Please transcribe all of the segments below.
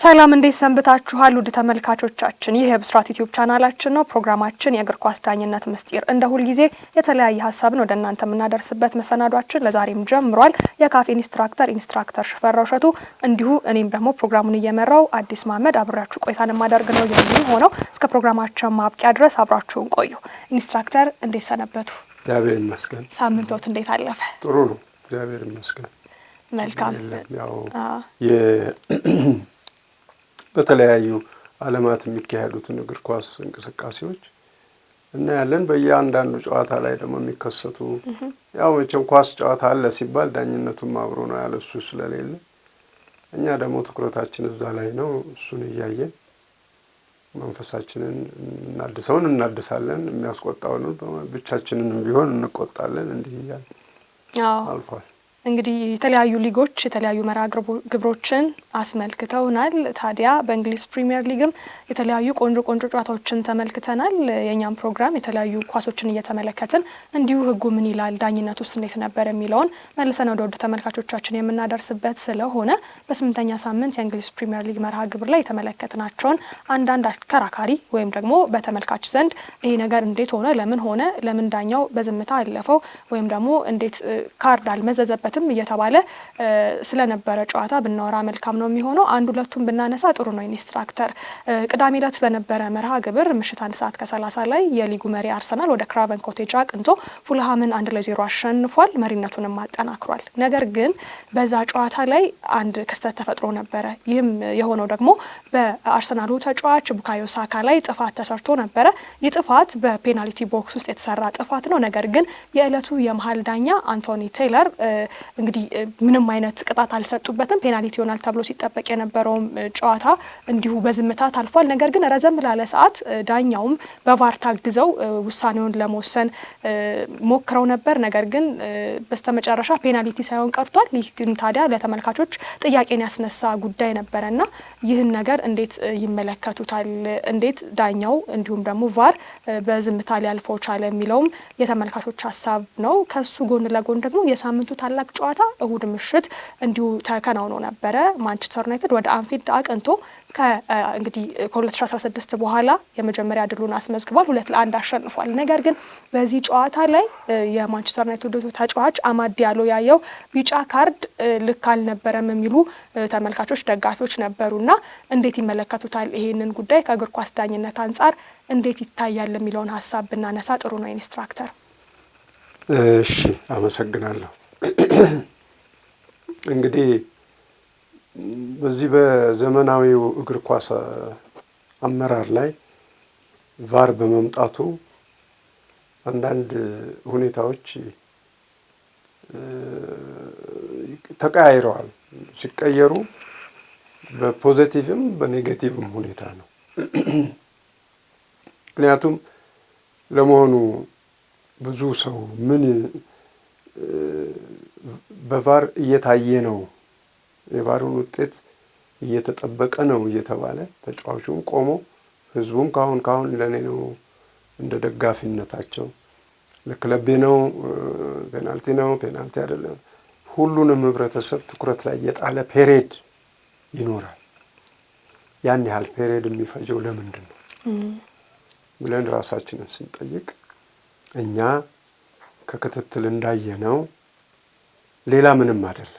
ሰላም እንዴት ሰንብታችኋል? ውድ ተመልካቾቻችን ይህ የብስራት ዩቲዩብ ቻናላችን ነው። ፕሮግራማችን የእግር ኳስ ዳኝነት ምስጢር እንደ ሁልጊዜ የተለያየ ሀሳብን ወደ እናንተ የምናደርስበት መሰናዷችን ለዛሬም ጀምሯል። የካፍ ኢንስትራክተር ኢንስትራክተር ሽፈራው እሸቱ እንዲሁ እኔም ደግሞ ፕሮግራሙን እየመራው አዲስ ማመድ አብሬያችሁ ቆይታን የማደርግ ነው የሚሆነው። እስከ ፕሮግራማችን ማብቂያ ድረስ አብራችሁን ቆዩ። ኢንስትራክተር እንዴት ሰነበቱ? እግዚአብሔር ይመስገን። ሳምንቶት እንዴት አለፈ? ጥሩ ነው፣ እግዚአብሔር ይመስገን። መልካም በተለያዩ ዓለማት የሚካሄዱትን እግር ኳስ እንቅስቃሴዎች እናያለን። በየአንዳንዱ ጨዋታ ላይ ደግሞ የሚከሰቱ ያው መቼም ኳስ ጨዋታ አለ ሲባል ዳኝነቱም አብሮ ነው ያለ እሱ ስለሌለ እኛ ደግሞ ትኩረታችን እዛ ላይ ነው። እሱን እያየን መንፈሳችንን እናድሰውን እናድሳለን። የሚያስቆጣውን ብቻችንንም ቢሆን እንቆጣለን። እንዲህ እያለ አልፏል። እንግዲህ የተለያዩ ሊጎች የተለያዩ መርሃ ግብሮችን አስመልክተውናል። ታዲያ በእንግሊዝ ፕሪሚየር ሊግም የተለያዩ ቆንጆ ቆንጆ ጨዋታዎችን ተመልክተናል። የእኛም ፕሮግራም የተለያዩ ኳሶችን እየተመለከትን እንዲሁ ህጉ ምን ይላል፣ ዳኝነቱ ውስጥ እንዴት ነበር የሚለውን መልሰን ወደ ወደ ተመልካቾቻችን የምናደርስበት ስለሆነ በስምንተኛ ሳምንት የእንግሊዝ ፕሪሚየር ሊግ መርሃ ግብር ላይ የተመለከትናቸውን አንዳንድ አከራካሪ ወይም ደግሞ በተመልካች ዘንድ ይሄ ነገር እንዴት ሆነ፣ ለምን ሆነ፣ ለምን ዳኛው በዝምታ አለፈው፣ ወይም ደግሞ እንዴት ካርድ አልመዘዘበት የለበትም እየተባለ ስለነበረ ጨዋታ ብናወራ መልካም ነው የሚሆነው። አንድ ሁለቱን ብናነሳ ጥሩ ነው። ኢንስትራክተር ቅዳሜ ዕለት በነበረ መርሃ ግብር ምሽት አንድ ሰዓት ከሰላሳ ላይ የሊጉ መሪ አርሰናል ወደ ክራቨን ኮቴጅ አቅንቶ ፉልሃምን አንድ ለዜሮ አሸንፏል። መሪነቱንም አጠናክሯል። ነገር ግን በዛ ጨዋታ ላይ አንድ ክስተት ተፈጥሮ ነበረ። ይህም የሆነው ደግሞ በአርሰናሉ ተጫዋች ቡካዮ ሳካ ላይ ጥፋት ተሰርቶ ነበረ። ይህ ጥፋት በፔናልቲ ቦክስ ውስጥ የተሰራ ጥፋት ነው። ነገር ግን የዕለቱ የመሀል ዳኛ አንቶኒ ቴይለር እንግዲህ ምንም አይነት ቅጣት አልሰጡበትም። ፔናሊቲ ይሆናል ተብሎ ሲጠበቅ የነበረውም ጨዋታ እንዲሁ በዝምታ ታልፏል። ነገር ግን ረዘም ላለ ሰዓት ዳኛውም በቫር ታግዘው ውሳኔውን ለመወሰን ሞክረው ነበር። ነገር ግን በስተመጨረሻ ፔናሊቲ ሳይሆን ቀርቷል። ይህ ግን ታዲያ ለተመልካቾች ጥያቄን ያስነሳ ጉዳይ ነበረ እና ይህን ነገር እንዴት ይመለከቱታል? እንዴት ዳኛው እንዲሁም ደግሞ ቫር በዝምታ ሊያልፈው ቻለ የሚለውም የተመልካቾች ሀሳብ ነው። ከሱ ጎን ለጎን ደግሞ የሳምንቱ ታላቅ ጨዋታ እሁድ ምሽት እንዲሁ ተከናውኖ ነበረ። ማንቸስተር ዩናይትድ ወደ አንፊልድ አቅንቶ እንግዲህ ከ2016 በኋላ የመጀመሪያ ድሉን አስመዝግቧል። ሁለት ለአንድ አሸንፏል። ነገር ግን በዚህ ጨዋታ ላይ የማንቸስተር ዩናይትድ ተጫዋች አማድ ያለው ያየው ቢጫ ካርድ ልክ አልነበረም የሚሉ ተመልካቾች፣ ደጋፊዎች ነበሩና እንዴት ይመለከቱታል ይሄንን ጉዳይ ከእግር ኳስ ዳኝነት አንጻር እንዴት ይታያል የሚለውን ሀሳብ ብናነሳ ጥሩ ነው። ኢንስትራክተር እሺ፣ አመሰግናለሁ። እንግዲህ በዚህ በዘመናዊው እግር ኳስ አመራር ላይ ቫር በመምጣቱ አንዳንድ ሁኔታዎች ተቀያይረዋል። ሲቀየሩ በፖዘቲቭም በኔጌቲቭም ሁኔታ ነው። ምክንያቱም ለመሆኑ ብዙ ሰው ምን በቫር እየታየ ነው፣ የቫሩን ውጤት እየተጠበቀ ነው እየተባለ ተጫዋቹም ቆሞ ህዝቡም ካሁን ካሁን ለእኔ ነው እንደ ደጋፊነታቸው ለክለቤ ነው ፔናልቲ ነው ፔናልቲ አይደለም፣ ሁሉንም ህብረተሰብ ትኩረት ላይ የጣለ ፔሬድ ይኖራል። ያን ያህል ፔሬድ የሚፈጀው ለምንድን ነው ብለን ራሳችንን ስንጠይቅ እኛ ከክትትል እንዳየ ነው ሌላ ምንም አይደለም።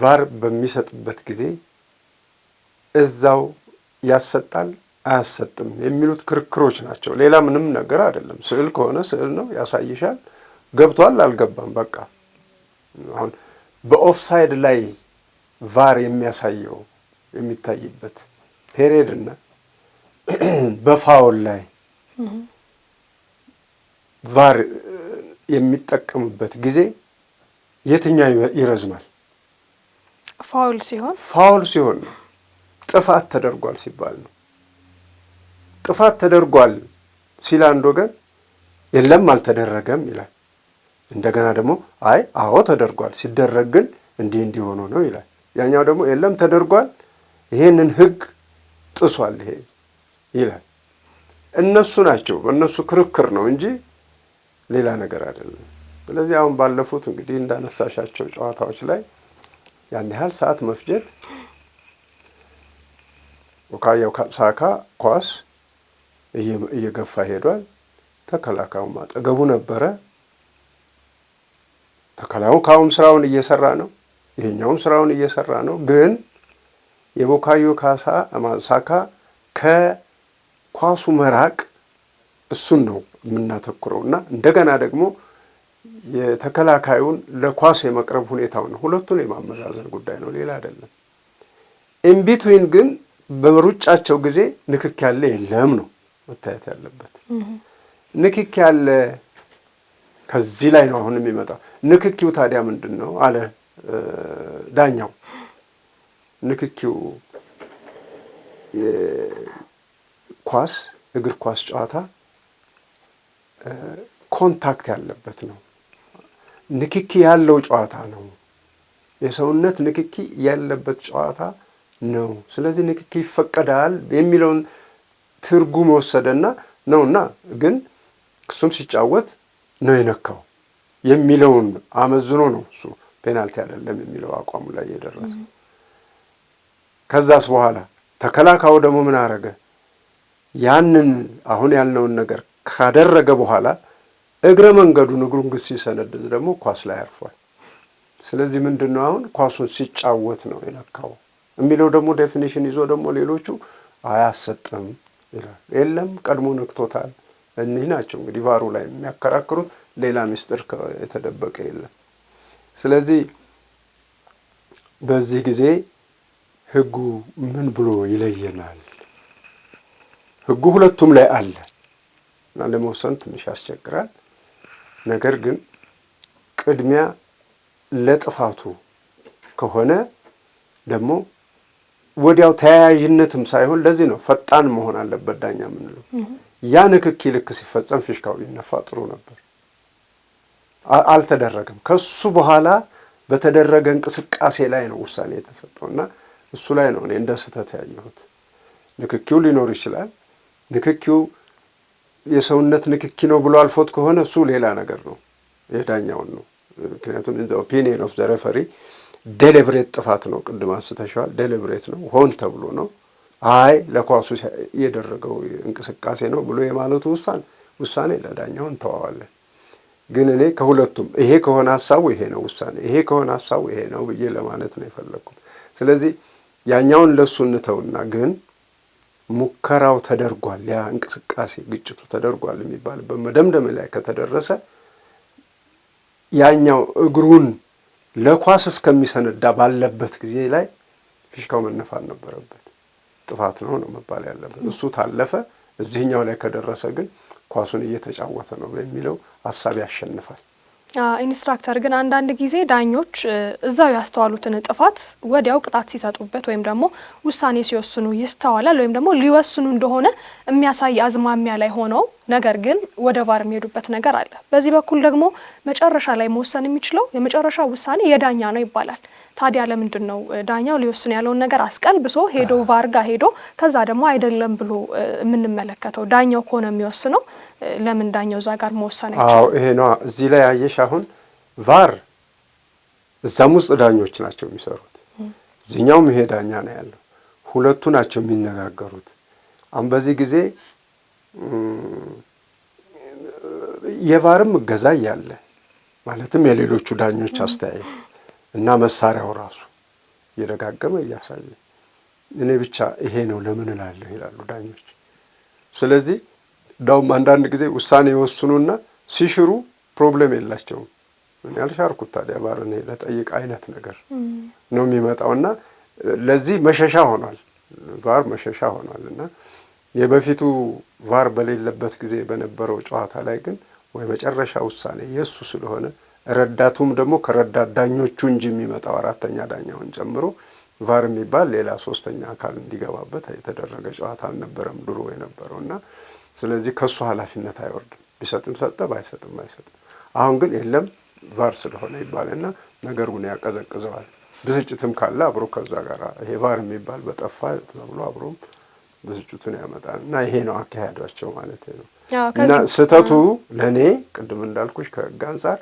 ቫር በሚሰጥበት ጊዜ እዛው ያሰጣል አያሰጥም የሚሉት ክርክሮች ናቸው። ሌላ ምንም ነገር አይደለም። ስዕል ከሆነ ስዕል ነው ያሳይሻል። ገብቷል አልገባም፣ በቃ አሁን በኦፍሳይድ ላይ ቫር የሚያሳየው የሚታይበት ፔሬድና በፋውል ላይ ቫር የሚጠቀሙበት ጊዜ የትኛው ይረዝማል? ፋውል ሲሆን ፋውል ሲሆን ነው። ጥፋት ተደርጓል ሲባል ነው። ጥፋት ተደርጓል ሲል አንድ ወገን የለም አልተደረገም ይላል። እንደገና ደግሞ አይ አዎ ተደርጓል፣ ሲደረግ ግን እንዲህ እንዲሆኑ ነው ይላል። ያኛው ደግሞ የለም ተደርጓል፣ ይሄንን ህግ ጥሷል ይሄ ይላል። እነሱ ናቸው፣ እነሱ ክርክር ነው እንጂ ሌላ ነገር አይደለም። ስለዚህ አሁን ባለፉት እንግዲህ እንዳነሳሻቸው ጨዋታዎች ላይ ያን ያህል ሰዓት መፍጀት ቡካዮ ሳካ ኳስ እየገፋ ሄዷል። ተከላካዩ አጠገቡ ነበረ። ተከላዩ ካሁም ስራውን እየሰራ ነው፣ ይሄኛውም ስራውን እየሰራ ነው። ግን የቡካዮ ሳካ ከኳሱ መራቅ እሱን ነው የምናተኩረው እና እንደገና ደግሞ የተከላካዩን ለኳሱ የመቅረብ ሁኔታውን ሁለቱን የማመዛዘን ጉዳይ ነው፣ ሌላ አይደለም። ኢንቢትዊን ግን በሩጫቸው ጊዜ ንክክ ያለ የለም ነው መታየት ያለበት። ንክክ ያለ ከዚህ ላይ ነው አሁን የሚመጣው። ንክኪው ታዲያ ምንድን ነው አለ ዳኛው። ንክኪው ኳስ እግር ኳስ ጨዋታ ኮንታክት ያለበት ነው። ንክኪ ያለው ጨዋታ ነው። የሰውነት ንክኪ ያለበት ጨዋታ ነው። ስለዚህ ንክኪ ይፈቀዳል የሚለውን ትርጉም ወሰደና ነውና ግን እሱም ሲጫወት ነው የነካው የሚለውን አመዝኖ ነው እሱ ፔናልቲ አይደለም የሚለው አቋሙ ላይ የደረሰው። ከዛስ በኋላ ተከላካው ደግሞ ምን አረገ? ያንን አሁን ያልነውን ነገር ካደረገ በኋላ እግረ መንገዱን እግሩን ግን ሲሰነድድ ደግሞ ኳስ ላይ አርፏል። ስለዚህ ምንድን ነው አሁን ኳሱን ሲጫወት ነው የነካው የሚለው ደግሞ ዴፊኒሽን ይዞ ደግሞ ሌሎቹ አያሰጥም ይላል። የለም ቀድሞ ነክቶታል። እኒህ ናቸው እንግዲህ ቫሩ ላይ የሚያከራክሩት። ሌላ ምስጢር የተደበቀ የለም። ስለዚህ በዚህ ጊዜ ህጉ ምን ብሎ ይለየናል? ህጉ ሁለቱም ላይ አለ። እና ለመወሰን ትንሽ ያስቸግራል። ነገር ግን ቅድሚያ ለጥፋቱ ከሆነ ደግሞ ወዲያው ተያያዥነትም ሳይሆን ለዚህ ነው ፈጣን መሆን አለበት ዳኛ የምንለው። ያ ንክኪ ልክ ሲፈጸም ፊሽካው ቢነፋ ጥሩ ነበር፣ አልተደረገም። ከሱ በኋላ በተደረገ እንቅስቃሴ ላይ ነው ውሳኔ የተሰጠው እና እሱ ላይ ነው እኔ እንደ ስህተት ያየሁት። ንክኪው ሊኖር ይችላል። ንክኪው የሰውነት ንክኪ ነው ብሎ አልፎት ከሆነ እሱ ሌላ ነገር ነው፣ የዳኛውን ነው። ምክንያቱም ኢን ዘ ኦፒኒየን ኦፍ ዘ ሬፈሪ ዴሌብሬት ጥፋት ነው። ቅድም አንስተሸዋል፣ ዴሌብሬት ነው፣ ሆን ተብሎ ነው። አይ ለኳሱ የደረገው እንቅስቃሴ ነው ብሎ የማለቱ ውሳን ውሳኔ ለዳኛው እንተዋዋለን። ግን እኔ ከሁለቱም ይሄ ከሆነ ሀሳቡ ይሄ ነው ውሳኔ ይሄ ከሆነ ሀሳቡ ይሄ ነው ብዬ ለማለት ነው የፈለግኩት። ስለዚህ ያኛውን ለሱ እንተውና ግን ሙከራው ተደርጓል፣ ያ እንቅስቃሴ ግጭቱ ተደርጓል የሚባልበት መደምደም ላይ ከተደረሰ ያኛው እግሩን ለኳስ እስከሚሰነዳ ባለበት ጊዜ ላይ ፊሽካው መነፋት ነበረበት። ጥፋት ነው ነው መባል ያለበት። እሱ ታለፈ። እዚህኛው ላይ ከደረሰ ግን ኳሱን እየተጫወተ ነው የሚለው ሀሳብ ያሸንፋል። ኢንስትራክተር ግን አንዳንድ ጊዜ ዳኞች እዛው ያስተዋሉትን ጥፋት ወዲያው ቅጣት ሲሰጡበት ወይም ደግሞ ውሳኔ ሲወስኑ ይስተዋላል። ወይም ደግሞ ሊወስኑ እንደሆነ የሚያሳይ አዝማሚያ ላይ ሆነው ነገር ግን ወደ ቫር የሚሄዱበት ነገር አለ። በዚህ በኩል ደግሞ መጨረሻ ላይ መወሰን የሚችለው የመጨረሻ ውሳኔ የዳኛ ነው ይባላል። ታዲያ ለምንድን ነው ዳኛው ሊወስን ያለውን ነገር አስቀልብሶ ሄዶ ቫር ጋ ሄዶ ከዛ ደግሞ አይደለም ብሎ የምንመለከተው? ዳኛው ከሆነ የሚወስነው ለምን ዳኛው እዛ ጋር መወሰን አይችልም? ይሄ ነዋ። እዚህ ላይ ያየሽ አሁን ቫር እዛም ውስጥ ዳኞች ናቸው የሚሰሩት፣ እዚህኛውም ይሄ ዳኛ ነው ያለው። ሁለቱ ናቸው የሚነጋገሩት። አሁን በዚህ ጊዜ የቫርም እገዛ እያለ ማለትም የሌሎቹ ዳኞች አስተያየት እና መሳሪያው ራሱ እየደጋገመ እያሳየ እኔ ብቻ ይሄ ነው ለምን እላለሁ ይላሉ ዳኞች። ስለዚህ እንዳውም አንዳንድ ጊዜ ውሳኔ የወስኑና ሲሽሩ ፕሮብለም የላቸውም። ምን ያልሻርኩት ታዲያ ባርን ለጠይቅ አይነት ነገር ነው የሚመጣው እና ለዚህ መሸሻ ሆኗል። ቫር መሸሻ ሆኗል እና የበፊቱ ቫር በሌለበት ጊዜ በነበረው ጨዋታ ላይ ግን ወይ መጨረሻ ውሳኔ የእሱ ስለሆነ ረዳቱም ደግሞ ከረዳት ዳኞቹ እንጂ የሚመጣው አራተኛ ዳኛውን ጨምሮ ቫር የሚባል ሌላ ሶስተኛ አካል እንዲገባበት የተደረገ ጨዋታ አልነበረም ድሮ የነበረው እና ስለዚህ ከእሱ ኃላፊነት አይወርድም። ቢሰጥም ሰጠ፣ ባይሰጥም አይሰጥም። አሁን ግን የለም ቫር ስለሆነ ይባልና ነገሩን ያቀዘቅዘዋል። ብስጭትም ካለ አብሮ ከዛ ጋር ይሄ ቫር የሚባል በጠፋ ተብሎ አብሮም ብስጭቱን ያመጣል እና ይሄ ነው አካሄዷቸው ማለት ነው። እና ስህተቱ ለእኔ ቅድም እንዳልኩሽ ከህግ አንጻር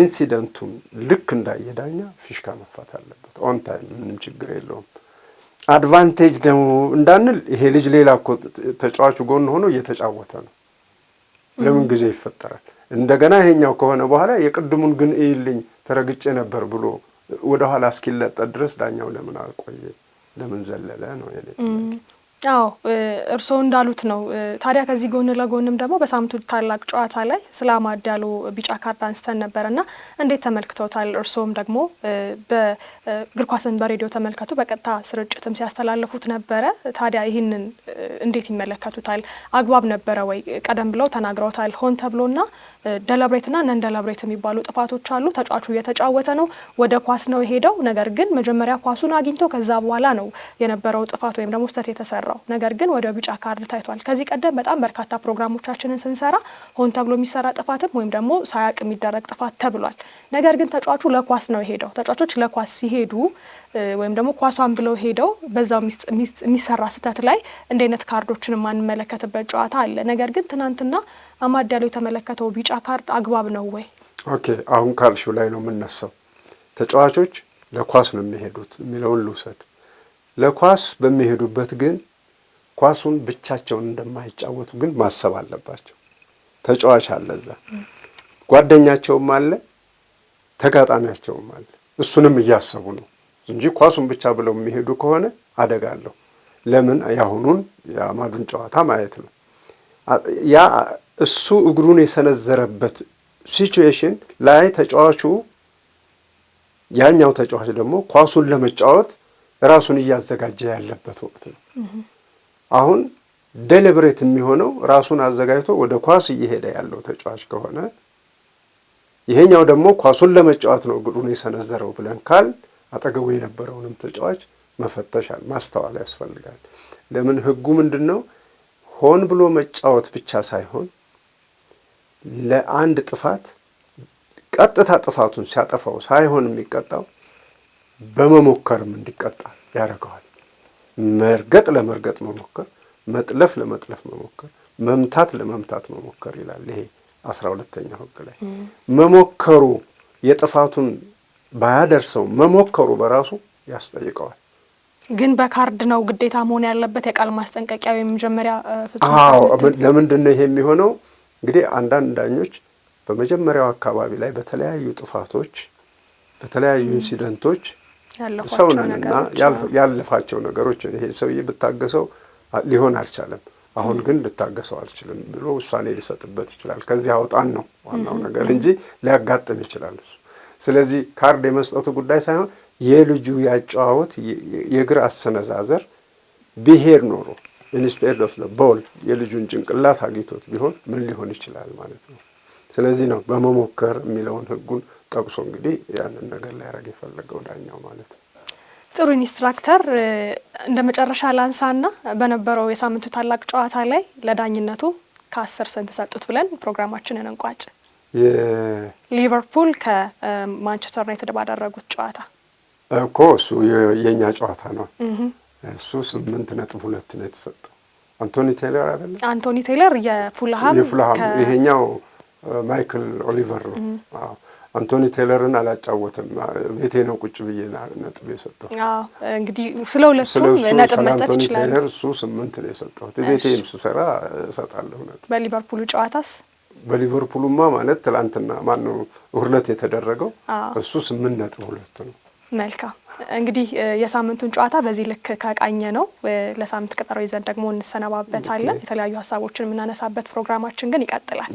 ኢንሲደንቱን ልክ እንዳየዳኛ ፊሽካ መፋት አለበት። ኦን ታይም ምንም ችግር የለውም። አድቫንቴጅ ነው እንዳንል ይሄ ልጅ ሌላ እኮ ተጫዋቹ ጎን ሆኖ እየተጫወተ ነው። ለምን ጊዜ ይፈጠራል? እንደገና ይሄኛው ከሆነ በኋላ የቅድሙን ግን እይልኝ ተረግጬ ነበር ብሎ ወደኋላ እስኪለጠ ድረስ ዳኛው ለምን አቆየ? ለምን ዘለለ ነው የኔ አዎ እርስዎ እንዳሉት ነው። ታዲያ ከዚህ ጎን ለጎንም ደግሞ በሳምንቱ ታላቅ ጨዋታ ላይ ስለ አማድ ዲያሎ ቢጫ ካርድ አንስተን ነበርና እንዴት ተመልክተውታል? እርስዎም ደግሞ በእግር ኳስን በሬዲዮ ተመልከቱ፣ በቀጥታ ስርጭትም ሲያስተላልፉት ነበረ። ታዲያ ይህንን እንዴት ይመለከቱታል? አግባብ ነበረ ወይ? ቀደም ብለው ተናግረውታል ሆን ተብሎና ደላብሬትና ነን የሚባሉ ጥፋቶች አሉ። ተጫዋቹ እየተጫወተ ነው፣ ወደ ኳስ ነው የሄደው። ነገር ግን መጀመሪያ ኳሱን አግኝቶ ከዛ በኋላ ነው የነበረው ጥፋት ወይም ደግሞ ስህተት የተሰራው። ነገር ግን ወደ ቢጫ ካርድ ታይቷል። ከዚህ ቀደም በጣም በርካታ ፕሮግራሞቻችንን ስንሰራ ሆን ተብሎ የሚሰራ ጥፋትም ወይም ደግሞ ሳያቅ የሚደረግ ጥፋት ተብሏል። ነገር ግን ተጫዋቹ ለኳስ ነው የሄደው። ተጫዋቾች ለኳስ ሲሄዱ ወይም ደግሞ ኳሷን ብለው ሄደው በዛው የሚሰራ ስህተት ላይ እንደ አይነት ካርዶችን የማንመለከትበት ጨዋታ አለ። ነገር ግን ትናንትና አማድ ዲያሎ የተመለከተው ቢጫ ካርድ አግባብ ነው ወይ? ኦኬ አሁን ካልሽው ላይ ነው የምነሳው። ተጫዋቾች ለኳስ ነው የሚሄዱት የሚለውን ልውሰድ። ለኳስ በሚሄዱበት ግን ኳሱን ብቻቸውን እንደማይጫወቱ ግን ማሰብ አለባቸው። ተጫዋች አለ እዛ፣ ጓደኛቸውም አለ፣ ተጋጣሚያቸውም አለ። እሱንም እያሰቡ ነው እንጂ ኳሱን ብቻ ብለው የሚሄዱ ከሆነ አደጋ አለው። ለምን ያሁኑን የአማዱን ጨዋታ ማየት ነው። ያ እሱ እግሩን የሰነዘረበት ሲቹዌሽን ላይ ተጫዋቹ ያኛው ተጫዋች ደግሞ ኳሱን ለመጫወት ራሱን እያዘጋጀ ያለበት ወቅት ነው። አሁን ደሊብሬት የሚሆነው ራሱን አዘጋጅቶ ወደ ኳስ እየሄደ ያለው ተጫዋች ከሆነ ይሄኛው ደግሞ ኳሱን ለመጫወት ነው እግሩን የሰነዘረው ብለን ካል አጠገቡ የነበረውንም ተጫዋች መፈተሻል ማስተዋል ያስፈልጋል። ለምን ህጉ ምንድን ነው? ሆን ብሎ መጫወት ብቻ ሳይሆን ለአንድ ጥፋት ቀጥታ ጥፋቱን ሲያጠፋው ሳይሆን የሚቀጣው በመሞከርም እንዲቀጣ ያደርገዋል። መርገጥ ለመርገጥ መሞከር፣ መጥለፍ ለመጥለፍ መሞከር፣ መምታት ለመምታት መሞከር ይላል ይሄ አስራ ሁለተኛው ህግ ላይ መሞከሩ የጥፋቱን ባያደርሰው መሞከሩ በራሱ ያስጠይቀዋል። ግን በካርድ ነው ግዴታ መሆን ያለበት የቃል ማስጠንቀቂያ ወይም መጀመሪያ ፍጹም። ለምንድን ነው ይሄ የሚሆነው? እንግዲህ አንዳንድ ዳኞች በመጀመሪያው አካባቢ ላይ በተለያዩ ጥፋቶች፣ በተለያዩ ኢንሲደንቶች ሰው ነንና ያለፋቸው ነገሮች ይሄ ሰውዬ ብታገሰው ሊሆን አልቻለም፣ አሁን ግን ልታገሰው አልችልም ብሎ ውሳኔ ሊሰጥበት ይችላል። ከዚህ አውጣን ነው ዋናው ነገር እንጂ ሊያጋጥም ይችላል እሱ ስለዚህ ካርድ የመስጠቱ ጉዳይ ሳይሆን የልጁ ያጨዋወት የእግር አሰነዛዘር ብሄር ኖሮ ኢንስቴድ ኦፍ ቦል የልጁን ጭንቅላት አግኝቶት ቢሆን ምን ሊሆን ይችላል ማለት ነው። ስለዚህ ነው በመሞከር የሚለውን ህጉን ጠቅሶ እንግዲህ ያንን ነገር ሊያደርግ የፈለገው ዳኛው ማለት ነው። ጥሩ ኢንስትራክተር፣ እንደ መጨረሻ ላንሳና በነበረው የሳምንቱ ታላቅ ጨዋታ ላይ ለዳኝነቱ ከአስር ስንት ሰጡት ብለን ፕሮግራማችንን እንቋጭ። ሊቨርፑል ከማንቸስተር ዩናይትድ ባደረጉት ጨዋታ እኮ እሱ የእኛ ጨዋታ ነው። እሱ ስምንት ነጥብ ሁለት ነው የተሰጠው። አንቶኒ ቴይለር አይደለ? አንቶኒ ቴይለር የፉልሃም የፉልሃም ይሄኛው ማይክል ኦሊቨር ነው። አንቶኒ ቴይለርን አላጫወትም። ቤቴ ነው ቁጭ ብዬ ነጥብ የሰጠው። እንግዲህ ስለ ሁለቱም ነጥብ መስጠት ይችላል። እሱ ስምንት ነው የሰጠሁት። ቤቴም ስሰራ እሰጣለሁ ነጥብ። በሊቨርፑሉ ጨዋታስ በሊቨርፑልማ ማለት ትላንትና ማነው ውርለት የተደረገው እሱ ስምንት ነጥብ ሁለት ነው። መልካም እንግዲህ የሳምንቱን ጨዋታ በዚህ ልክ ከቃኘ ነው ለሳምንት ቀጠሮ ይዘን ደግሞ እንሰነባበታለን። የተለያዩ ሀሳቦችን የምናነሳበት ፕሮግራማችን ግን ይቀጥላል።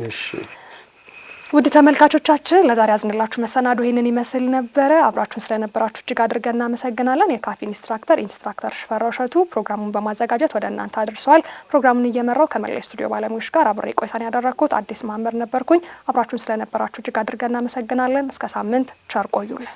ውድ ተመልካቾቻችን ለዛሬ ያዝንላችሁ መሰናዶ ይህንን ይመስል ነበረ። አብራችሁን ስለነበራችሁ እጅግ አድርገን እናመሰግናለን። የካፊ ኢንስትራክተር ኢንስትራክተር ሽፈራው እሸቱ ፕሮግራሙን በማዘጋጀት ወደ እናንተ አድርሰዋል። ፕሮግራሙን እየመራው ከመላ ስቱዲዮ ባለሙያዎች ጋር አብሬ ቆይታን ያደረግኩት አዲስ ማመር ነበርኩኝ። አብራችሁን ስለነበራችሁ እጅግ አድርገን እናመሰግናለን። እስከ ሳምንት ቸር ቆዩልን።